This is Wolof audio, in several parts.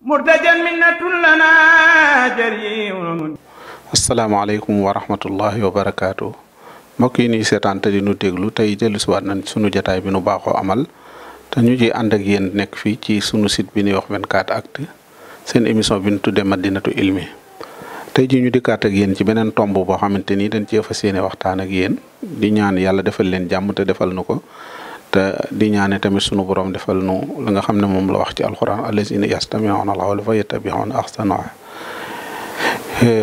murtajan minnatun lana jariun asalaamaaleykum wa rahmatullahi wa barakaatu mbokk yi ñuy seetaan te di nu déglu tey dellu siwaat nañ sunu jataay bi nu baaxoo amal te ñu ji ànd ak yéen nekk fii ci sunu site bi ñuy wax 24 actu seen émission bi ñu tuddee madinatu ilmi tey ji ñu dikkaat ak yéen ci beneen tomb boo xamante ni dañ cee fas yéene waxtaan ak yéen di ñaan yàlla defal leen jàmm te defal nu ko te di ñaane tamit sunu borom defal nu la nga xam ne moom la wax ci alxuraan allazina yastami'una al-qawla fa yattabi'una ahsanahu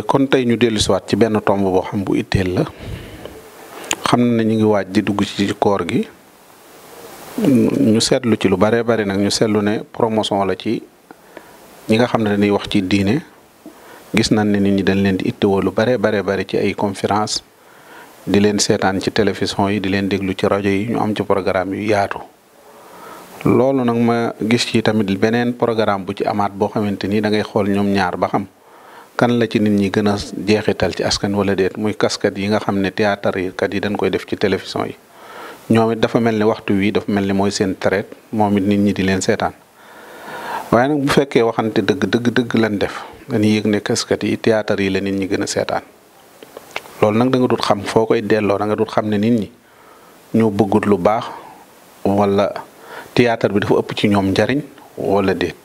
kon tey ñu dellu siwaat ci benn tomb boo xam bu itteel la xam na ñu ngi waaj di dugg ci koor gi ñu seetlu ci lu bare bari nag ñu seetlu ne promotion la ci ñi nga xam ne dañuy wax ci diine gis nañ ne nit ñi dañ leen di ittewoo lu bare bare bari ci ay conférence di leen seetaan ci télévision yi di leen déglu ci rajo yi ñu am ci programme yu yaatu loolu nag ma gis ci tamit beneen programme bu ci amaat boo xamante ni da ngay xool ñoom ñaar ba xam kan la ci nit ñi gën a jeexital ci askan wala déet muy kaskat yi nga xam ne théâtre yi kat yi dañ koy def ci télévision yi ñoom it dafa mel ni waxtu wii dafa mel ni mooy seen traite moom it nit ñi di leen seetaan waaye nag bu fekkee waxante dëgg dëgg dëgg lañ def dañuy yëg ne kaskat yi théâtre la nit ñi gën a seetaan loolu nag danga nga dut xam foo koy delloo da nga dut xam ne nit ñi ñoo bëggut lu baax walla théâtre bi dafa ëpp ci ñoom njariñ walla déet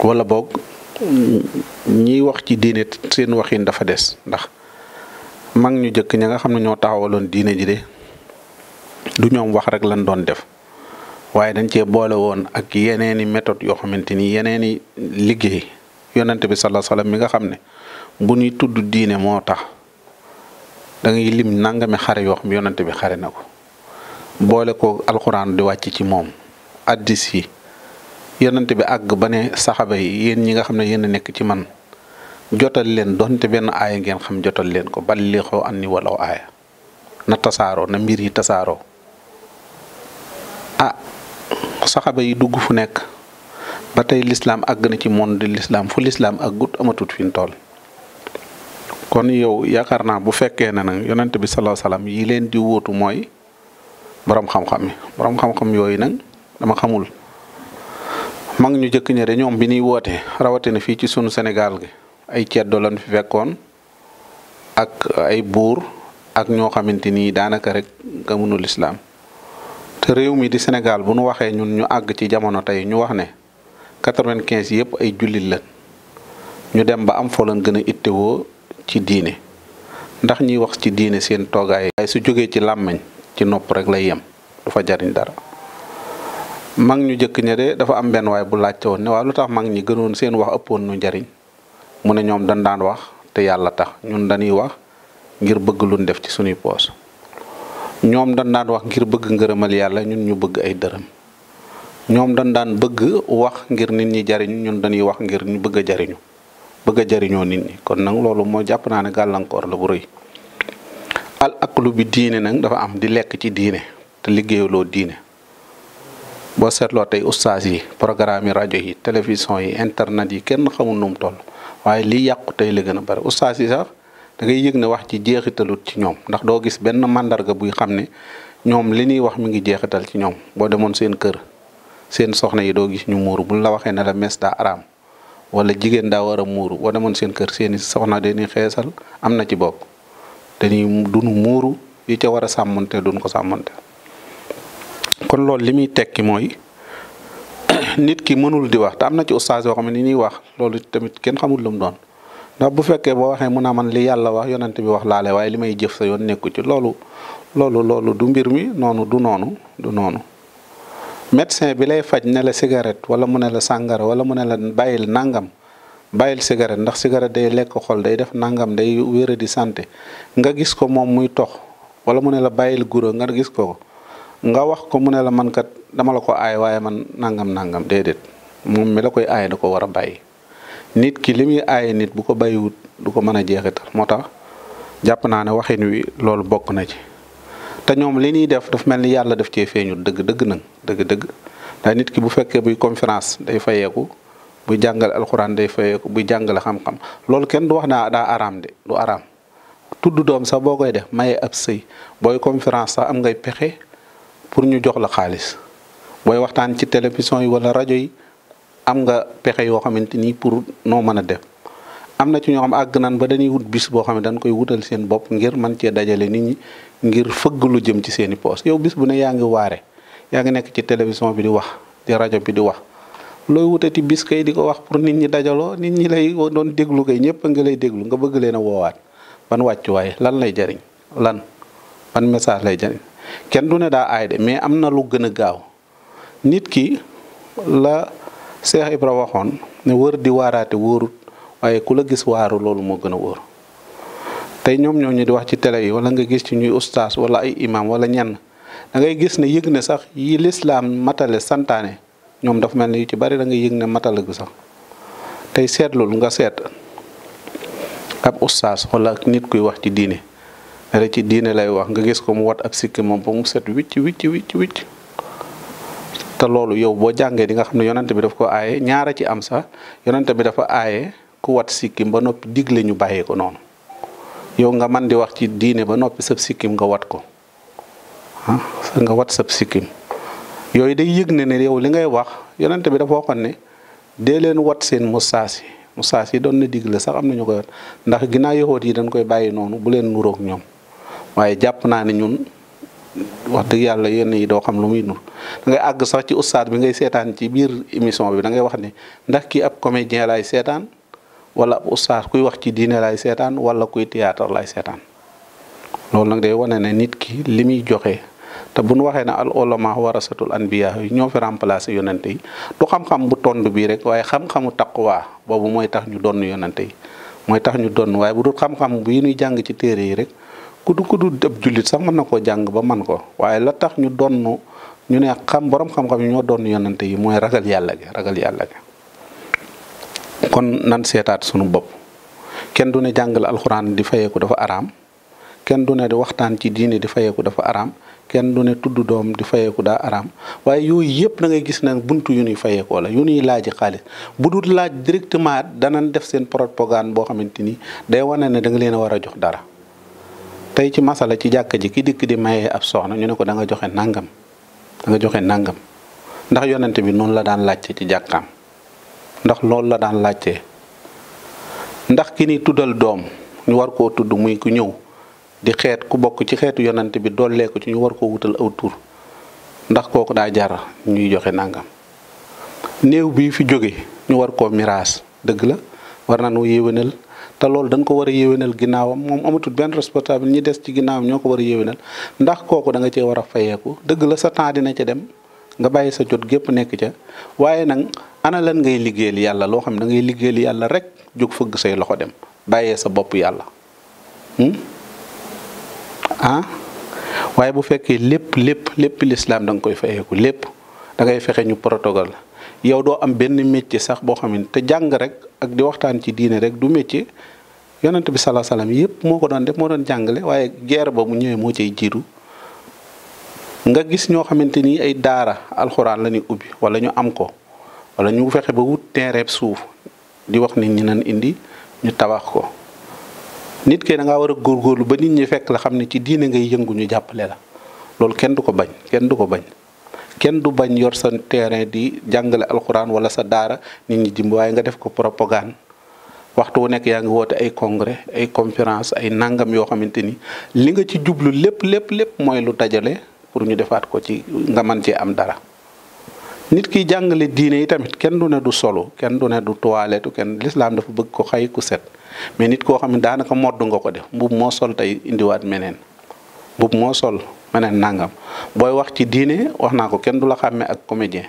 wala boog ñiy wax ci diine seen waxin dafa des ndax mag ñu jëkk ña nga xam ne ñoo taxawaloon diine ji de du ñoom wax rek lañ doon def waaye dañ cee boole woon ak yeneeni méthode yoo xamante ni yeneeni liggéey yonante bi sallallahu alayhi wasallam mi nga xam ne bu ñuy tudd diine moo tax dangay lim nangami xare yoo xam yonante bi xare na ko boole ko alxuraan di wàcc ci moom addis yi yonante bi àgg ba ne saxaba yi yéen ñi nga xam ne yéen nekk ci man jotal leen donte benn aaya ngeen xam jotal leen ko ballixoo anni walaw aaya na tasaaroo na mbir yi tasaaroo a ah, saxaba yi dugg fu nekk ba tey lislaam agg na ci monde lislaam fu lislaam àggut amatut fi mu toll kon yow yaakaar naa bu fekkee na nag yonent bi sallallahu alayhi yii leen di wootu mooy boroom xam-xam borom xam yooyu nag dama xamul. mag ñu jëkk ñe de ñoom bi ñuy woote rawatina fii ci sunu senegal gi ay ceddo lañ fi fekkoon ak ay buur ak ñoo xamante ni daanaka rek gëmunu lislaam te réew mi di Sénégal bu nu waxee ñun ñu àgg ci jamono tey ñu wax ne quatre-vingt-quinze yëpp ay jullit la ñu dem ba am foo leen gën a ittewoo ci diine ndax ñiy wax ci diine seen toogaay ay su jógee ci làmmañ ci nopp rek lay yem du fa jariñ dara mag ñu jëkk ña de dafa am benn waay bu laajte woon ne lu tax mag ñi gënoon seen wax ëppoon nu njariñ mu ne ñoom dañ daan wax te yàlla tax ñun dañuy wax ngir bëgg luñ def ci suñuy poos ñoom dañ daan wax ngir bëgg ngërëmal yàlla ñun ñu bëgg ay dërëm ñoom dañ daan bëgg wax ngir nit ñi jariñ ñun dañuy wax ngir ñu bëgg a jariñu bëgg a jariñoo nit kon nag loolu moo jàpp naa ne gàllankoor la bu rëy al aklu bi diine nag dafa am di lekk ci diine te liggéeyuloo diine boo seetloo tey ustaas yi programme yi rajo yi télévision yi internet yi kenn xamul nu tool waaye liy yàqu tey la na a bari ustaas yi sax da ngay yëg ne wax ci jeexitalut ci ñoom ndax doo gis benn màndarga buy xam ne ñoom li ñuy wax mi ngi jeexital ci ñoom boo demoon seen kër seen soxna yi doo gis ñu muuru buñ la waxee ne la mes wala jigéen daa war a muuru boo demoon seen kër seeni soxna de dañuy xeesal am na ci bokk dañuy dunu muuru yi ca war a sàmmante duñ ko sàmmante kon loolu li muy tekki mooy nit ki mënul di wax te am na ci ustaas yoo xam ne ni ñuy wax loolu tamit kenn xamul lu mu doon ndax bu fekkee boo waxee mun naa man li yàlla wax yonante bi wax laale waaye li may jëf sa yoon nekku ci loolu loolu loolu du mbir mi noonu du noonu du noonu médecin bi lay faj ne la cigarette wala mu ne la sàngara wala mu ne la bàyyil nangam bàyyil cigarette ndax cigarette day lekk xol day def nangam day wéra di santé nga gis ko moom muy tox wala mu ne la bàyyil guro nga gis ko nga wax ko mu ne la man kat dama la ko aay waaye man nangam nangam déedéet moom mi la koy aay da ko war a bàyyi nit ki li muy aaye nit bu ko bàyyiwut du ko mën a jeexital moo tax jàpp naa ne waxin wi loolu bokk na ci te ñoom li ñuy def daf mel ni yàlla def cee feeñu dëgg dëgg nag dëgg dëgg ndax nit ki bu fekkee buy conférence day fayeeku buy jàngale alxuraan day fayeeku buy jàngale xam-xam loolu kenn du wax naa daa araam de du araam tudd doom sax boo koy def maye ab sëy booy conférence sax am ngay pexe pour ñu jox la xaalis booy waxtaan ci télévision yi wala rajo yi am nga pexe yoo xamante ni pour noo mën a def am na ci ñoo xam àgg naan ba dañuy wut bis boo xam ne dañ koy wutal seen bopp ngir man cee dajale nit ñi ngir fëgg lu jëm ci seen i poos yow bis bu ne yaa ngi waare yaa ngi nekk ci télévision bi di wax di rajo bi di wax looy wutati bis kay di ko wax pour nit ñi dajaloo nit ñi lay doon déglu kay ñëpp nga lay déglu nga bëgg leen a woowaat ban wàccuwaay lan lay jariñ lan ban message lay jariñ kenn du ne daa aay de mais am na lu gën a gaaw nit ki la Cheikh Ibra waxoon ne wër di waaraate wóorut waaye ku la gis waaru loolu moo gën a wóor tey ñoom ñoo ñu di wax ci télé yi wala nga gis ci ñuy ustaas wala ay imam wala ñenn da ngay gis ne yëg ne sax yi lislaam matale santaane ñoom dafa mel ne yu ci bari da ngay yëg ne matale gu sax tey seetlul nga seet ab ustaas wala ak nit kuy wax ci diine da ci diine lay wax nga gis ko mu wat ab sikki moom ba mu set wicc wicc wicc wicc te loolu yow boo jàngee di nga xam ne yonante bi daf ko aaye ñaara ci am sax yonante bi dafa aaye ku wat sikkim ba noppi digle ñu bàyyi ko noonu yow nga man di wax ci diine ba noppi sab sikkim nga wat ko ah nga wat sab sikim yooyu day yëg ne ne yow li ngay wax yonent bi dafa waxoon ne dee leen wat seen mustaas yi mustaas yi doon na digle sax am na ñu koy wat ndax ginnaaw yowoot yi dañ koy bàyyi noonu bu leen nuroog ñoom waaye jàpp naa ne ñun wax dëgg yàlla yenn yi doo xam lu muy nur da ngay àgg sax ci ustaad bi ngay seetaan ci biir émission bi da ngay wax ne ndax kii ab comédien laay seetaan wala ab ustaas kuy wax ci diine lay seetaan wala kuy théâtre lay seetaan loolu nag day wane ne nit ki li muy joxe te bun waxee ne al ulama warasatul anbiya yi ñoo fi remplacé yonante yi du xam-xam bu tond bii rek waaye xam-xamu taqwa boobu mooy tax ñu donn yonante yi mooy tax ñu donn waaye bu dul xam-xam bii jàng ci téere yi rek ku du ku du ab jullit sax mën na koo jàng ba man ko waaye la tax ñu donn ñu ne xam borom xam-xam yi ñoo donn yonante yi mooy ragal yàlla gi ragal yàlla gi kon nan seetaat sunu bopp kenn du ne jàngale alxuraan di fayeeku dafa araam kenn du ne di waxtaan ci diine di fayeeku dafa araam kenn du ne tudd doom di fayeeku daa araam waaye yooyu yëpp da ngay gis na buntu yu ñuy fayeekoo la yu ñuy laaj xaalis bu dul laaj directement danañ def seen propagande boo xamante ni day wane ne danga leen a war a jox dara tey ci masala ci jàkka ji ki dikk di mayee ab soxna ñu ne ko danga joxe nangam da nga joxe nangam ndax yonente bi noonu la daan laajte ci jàkkaam ndax loolu la daan laajte ndax ki ni tuddal doom ñu war koo tudd muy ku ñëw di xeet ku bokk ci xeetu yonante bi dollee ko ci ñu war koo wutal aw tur ndax kooku daa jar ñuy joxe nangam néew bi fi jóge ñu war koo miraas dëgg la war na nañoo yéwénal te loolu dañ ko war a yéwénal ginnaawam moom amatu benn responsable ñi des ci ginnaawam ñoo ko war a yéwénal ndax kooku danga nga cee war a fayeeku dëgg la sa temps dina ca dem nga bàyyi sa jot gépp nekk ca waaye ana lan ngay liggéeyal yàlla loo xam ne da ngay liggéeyal yàlla rek jóg fëgg say loxo dem bàyyee sa bopp yàlla hmm? ah waaye bu fekkee lépp lépp lépp lislaam danga nga koy fayeeku lépp da ngay fexe ñu protocole yow doo am benn métier sax boo xam te jàng rek ak di waxtaan ci diine rek du métier yonent bi salaa salaam yëpp moo ko doon def moo doon jàngale waaye guerre ba mu ñëwee moo cay jiiru nga gis ñoo xamante ni ay daara alxuraan la ubbi wala ñu am ko. wala ñu fexe ba wut terrain suuf di wax nit ñi nan indi ñu tabax ko nit kay da ngaa war a góorgóorlu ba nit ñi fekk la xam ne ci diine ngay yëngu ñu jàppale la loolu kenn du ko bañ kenn du ko bañ kenn du bañ yor sa terrain di jàngale alxuraan wala sa daara nit ñi jimb waaye nga def ko propagande waxtu wu nekk yaa ngi woote ay congrès ay conférence ay nangam yoo xamante ni li nga ci jublu lépp lépp lépp mooy lu dajale pour ñu defaat ko ci nga mën cee am dara. nit ki jàngale diine yi tamit kenn du ne du solo kenn du ne du toilette kenn lislaam dafa bëgg ko xay ku set mais nit koo xam ne daanaka modd nga ko def mbub moo sol tey indiwaat meneen mbub moo sol meneen nangam booy wax ci diine wax naa ko kenn du la xàmmee ak comédien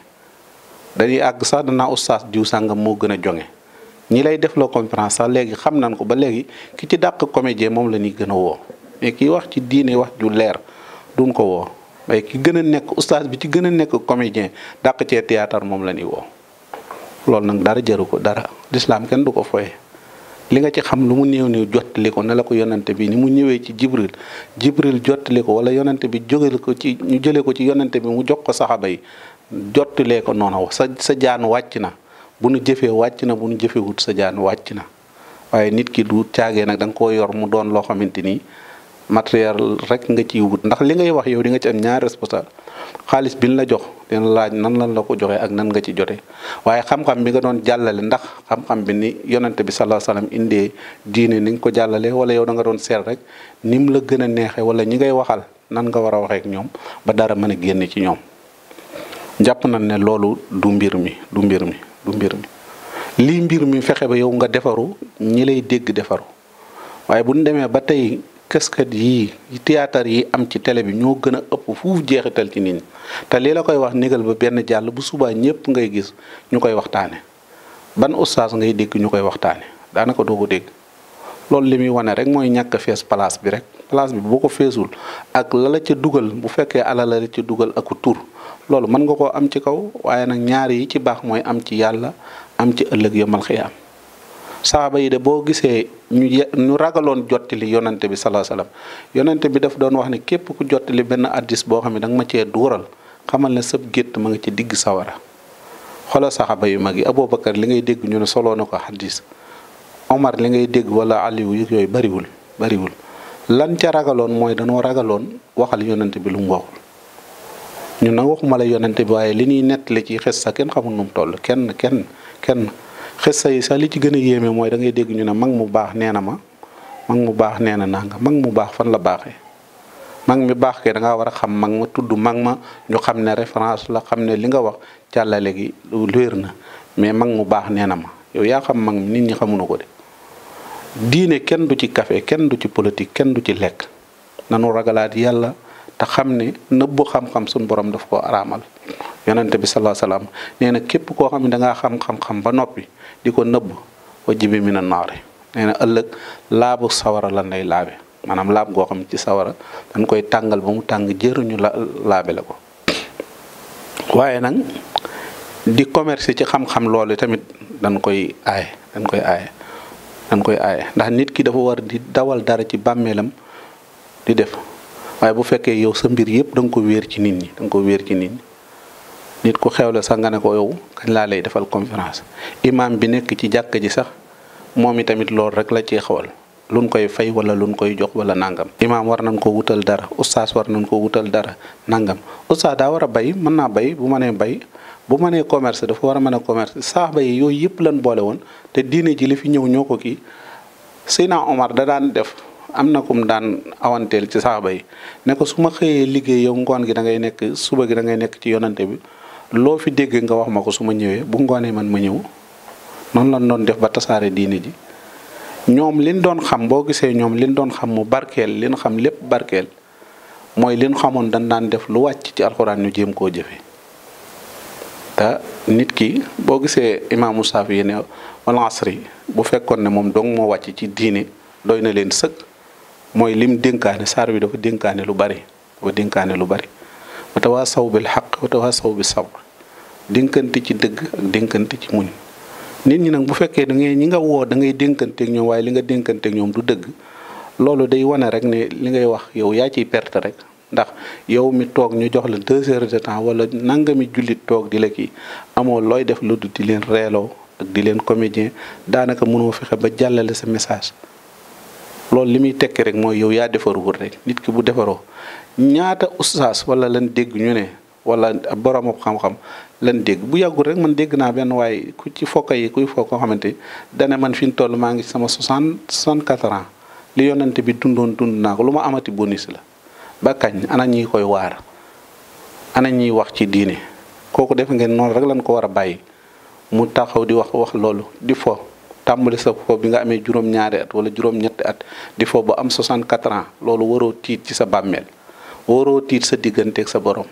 dañuy àgg sax danaa ustaas diw sàngam moo gën a jonge ñi lay def la conférence sax léegi xam nañ ko ba léegi ki ci dàq comédien moom la ñuy gën a woo mais kii wax ci diine wax ju leer duñ ko woo waaye ki gën a nekk oustaz bi ci gën a nekk comédien dàq cee théâtre moom la ñuy woo loolu nag dara jëru ko dara lislaam kenn du ko foye li nga ci xam lu mu néew néew jottali ko ne la ko yonante bi ni mu ñëwee ci jibril jibril jottali ko wala yonante bi jógal ko ci ñu jëlee ko ci yonante bi mu jox ko saxaba yi jottalee ko noonu sa sa jaan wàcc na bu nu jëfee wàcc na bu nu jëfee wut sa jaan wàcc na waaye nit ki du caagee nag danga ko yor mu doon loo xamante ni matériel rek nga ciy wut ndax li ngay wax yow di nga ci am ñaari responsable xaalis bi ñu la jox dina laaj nan lan la ko joxee ak nan nga ci jote waaye xam-xam bi nga doon jàllale ndax xam-xam bi ni yonante bi sallallahu alayhi wasallam indee diine ni nga ko jàllale wala yow da nga doon seet rek ni mu la gën a neexee wala ñi ngay waxal nan nga war a waxee ñoom ba dara mën a génn ci ñoom jàpp nañ ne loolu du mbir mi du mbir mi du mbir lii mbir mi fexe ba yow nga defaru ñi lay dégg defaru waaye bu ñu demee kaskat yii théâtre yi am ci télé bi ñoo gën a ëpp fuuf jeexital ci nit te lii la koy wax négal ba benn jàll bu subaa ñëpp ngay gis ñu koy waxtaane ban ustaas ngay dégg ñu koy waxtaane daanaka doo ko dégg loolu li muy wane rek mooy ñàkk fees place bi rek place bi boo ko feesul ak lala la ca dugal bu fekkee ala la ca dugal aku tur loolu mën nga koo am ci kaw waaye nag ñaar yi ci baax mooy am ci yàlla am ci ëllëg yomal am saaba yi de boo gisee ñu ñu ragaloon jottali yonante bi salaa salaam yonante bi daf doon wax ne képp ku jottali benn addis boo xam ne danga nga ma cee duural xamal na sëb gétt ma ngi ci digg sawara xoolal saxaaba yu mag yi Aboubacar li ngay dégg ñu ne soloo ko xaddis Omar li ngay dégg wala Aliou yooyu bariwul bariwul lan ca ragaloon mooy danoo ragaloon waxal yonante bi lu mu waxul ñun nag waxuma la yonante bi waaye li ñuy nettali ci xes sa kenn xamul nu mu toll kenn kenn kenn xissa yi sax li ci gën a yéeme mooy da ngay dégg ñu ne mag mu baax nee na ma mag mu baax nee na nanga mag mu baax fan la baaxee mag mi baax kay da ngaa war a xam mag ma tudd mag ma ñu xam ne référence la xam ne li nga wax càllale gi leer na mais mag mu baax nee na ma yow yaa xam mag mi nit ñi xamuñu ko de diine kenn du ci café kenn du ci politique kenn du ci lekk nanu ragalaat yàlla te xam ne nëbbu xam-xam suñu borom daf ko araamal yonente bi salaa salaam nee na képp koo xam ne da xam-xam-xam ba noppi di ko nëbb wa jibi mi na naar nee na ëllëg laabu sawara lan lay laabe maanaam laab goo xam ci sawara dañ koy tàngal ba mu tàng jëruñu la laabe la ko waaye nag di commercé ci xam-xam loolu tamit dañ koy aaye dañ koy aaye dañ koy aaye ndax nit ki dafa war di dawal dara ci bàmmeelam di def waaye bu fekkee yow sa mbir yëpp da nga ko wéer ci nit ñi da ko wéer ci nit nit ku xewle sax nga ne ko yow kañ laa lay defal conférence imam bi nekk ci jàkk ji sax moom i tamit loolu rek la ciy xawal luñ koy fay wala luñ koy jox wala nangam imaam war nañ ko wutal dara ustaas war nañ ko wutal dara nangam ustaas daa war a bay mën naa bay bu ma bay bu ma nee commerce dafa war a mën a commerce saaba bay yooyu yëpp lan boole woon te diine ji li fi ñëw ñoo ko kii Seydina Omar da daan def am na kum daan awanteel ci saaba yi ne ko su ma xëyee liggéey ngoon gi da ngay nekk suba gi da ngay nekk ci yonante bi loo fi dégg nga wax ma ko su ma ñëwee bu ngoonee man ma ñëw noonu la doon def ba tasaare diine ji ñoom liñ doon xam boo gisee ñoom liñ doon xam mu barkeel liñ xam lépp barkeel mooy liñ xamoon dañ daan def lu wàcc ci alxuraan ñu jéem koo jëfe te nit ki boo gisee imaamu saafi yi ne wal bu fekkoon ne moom dong moo wàcc ci diine doy na leen sëkk mooy lim dénkaane saar wi dafa dénkaane lu bari dafa dénkaane lu bari wa tawaasaw bil xaq wa tawaasaw bi sabr dénkante ci dëgg ak dénkante ci muñ nit ñi nag bu fekkee da ngay ñi nga woo da ngay dénkanteeg ñoom waaye li nga dénkanteek ñoom du dëgg loolu day wane rek ne li ngay wax yow yaa ciy perte rek ndax yow mi toog ñu jox la deux heures de temps wala nangami jullit toog di la kii amoo looy def lu dul di leen reeloo ak di leen comédien daanaka mënoo fexe ba jàllale sa message loolu li muy tekki rek mooy yow yaa defaruwul rek nit ki bu defaroo ñaata ustaas wala lan dégg ñu ne wala boroomu xam-xam lan dégg bu yàggul rek man dégg naa benn waaye ku ci fokk yi kuy fokk koo xamante dane man fi ñu toll maa ngi sama soixante soixante quatre ans li yonante bi dundoon dund naa ko lu ma amati bonus la ba kañ ana ñi koy waar ana ñiy wax ci diine kooku def ngeen noonu rek lañ ko war a bàyyi mu taxaw di wax wax loolu di fo tàmbali sa fo bi nga amee juróom-ñaari at wala juróom-ñetti at di fo ba am 64 ans loolu waroo tiit ci sa bàmmeel waroo tiit sa digganteeg sa borom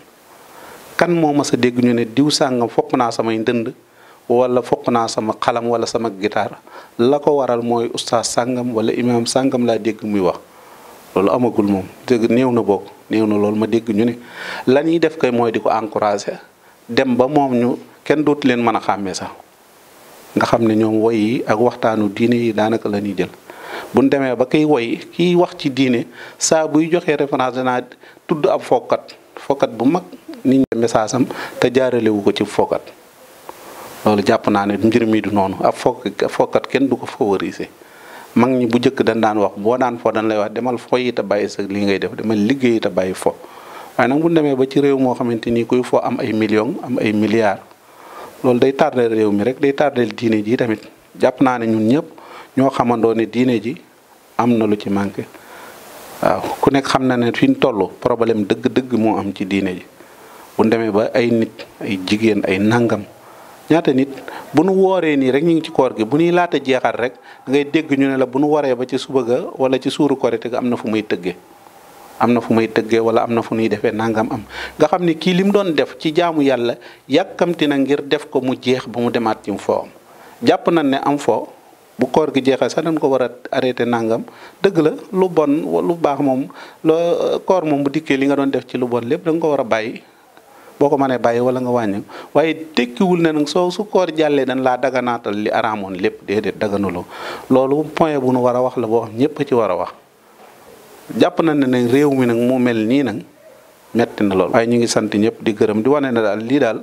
kan moo ma sa dégg ñu ne diw sàngam fokk naa samay ndënd wala fokk naa sama xalam wala sama gitaar la ko waral mooy ustaas sàngam wala imaam sàngam laa dégg muy wax loolu amagul moom dégg néew na bokk néew na loolu ma dégg ñu ne la ñuy def kay mooy di ko encouragé dem ba moom ñu kenn dootu leen mën a xàmmee sax nga xam ne ñoom woyi ak waxtaanu diine yi daanaka la ñuy jël bu ñu demee ba kiy woy kiy wax ci diine saa buy joxee référence danaa tudd ab fookat fookat bu mag nit ñi message am te jaaralewu ko ci fookat loolu jàpp naa ne mbir mi du noonu ab fo fookat kenn du ko favoriser mag ñi bu njëkk dañ daan wax boo daan fo dañ lay wax demal fo yi te bàyyi sa li ngay def demal liggéey te bàyyi fo waaye nag bu ñu demee ba ci réew moo xamante ni kuy fo am ay million am ay milliards loolu day tardel réew mi rek day tardel diine ji tamit jàpp naa ne ñun ñëpp ñoo xamandoo ne diine ji am na lu ci manqué waaw ku nekk xam na ne fi ñu toll problème dëgg-dëgg moo am ci diine ji bu demee ba ay nit ay jigéen ay nangam ñaata nit bu nu wooree nii rek ñu ngi ci koor gi bu ñuy laata jeexal rek ngay dégg ñu ne la bu nu waree ba ci suba ga wala ci suuru korite ga am na fu muy tëggee am na fu muy tëggee wala am na fu ñuy defee nangam am nga xam ne kii li mu doon def ci jaamu yàlla yàkkamti na ngir def ko mu jeex ba mu demaat ci foo am jàpp nañ ne am foo bu koor gi jeexee sax dañ ko war a arrêté nangam dëgg la lu bon lu baax moom loo koor moom bu dikkee li nga doon def ci lu bon lépp da ko war a bàyyi boo ko manee bàyyi wala nga wàññi waaye tekkiwul na nag soo su koor jàllee dañ laa daganaatal li araamoon lépp déedéet daganuloo loolu point bu nu war a wax la boo xam ñëpp a ci war a wax jàpp na ne nag réew mi nag mu mel nii nag metti na loolu waaye ñu ngi sant ñëpp di gërëm di wane ne daal lii daal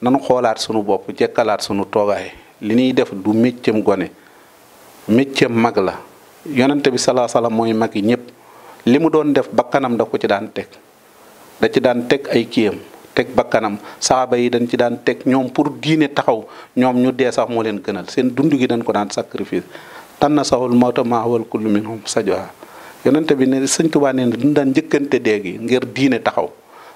nanu xoolaat sunu bopp jekkalaat sunu toogaay li ñuy def du méccam gone métier mag la yonent bi salaa salaam mooy mag yi ñëpp li mu doon def bakkanam da ko ci daan teg da ci daan teg ay kii kiyam teg bakkanam saaba yi dañ ci daan teg ñoom pour diine taxaw ñoom ñu dee sax moo leen gënal seen dund gi dañ ko daan sacrifice na saxul mawta maawal kullu minhum sajwa yonent bi ne sëñ Tuubaa nee na duñ daan njëkkante dee gi ngir diine taxaw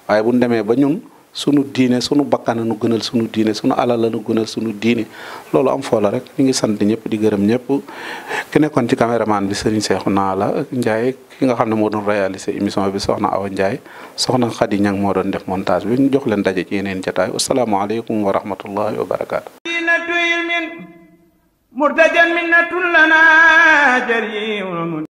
waaye bu ñu demee ba ñun sunu diine sunu bakkan nu gënal sunu diine sunu alal la nu gënal sunu diine loolu am foo la rek ñu ngi sant ñëpp di gërëm ñëpp ki nekkoon ci caméraman bi Serigne naa la njaay ki nga xam ne moo doon réaliser émission bi soxna Awa Ndiaye soxna Khady Niang moo doon def montage bi ñu jox leen daje ci yeneen jotaay asalaamaaleykum wa rahmatullahi wa barakaatu. مرتجا منة لنا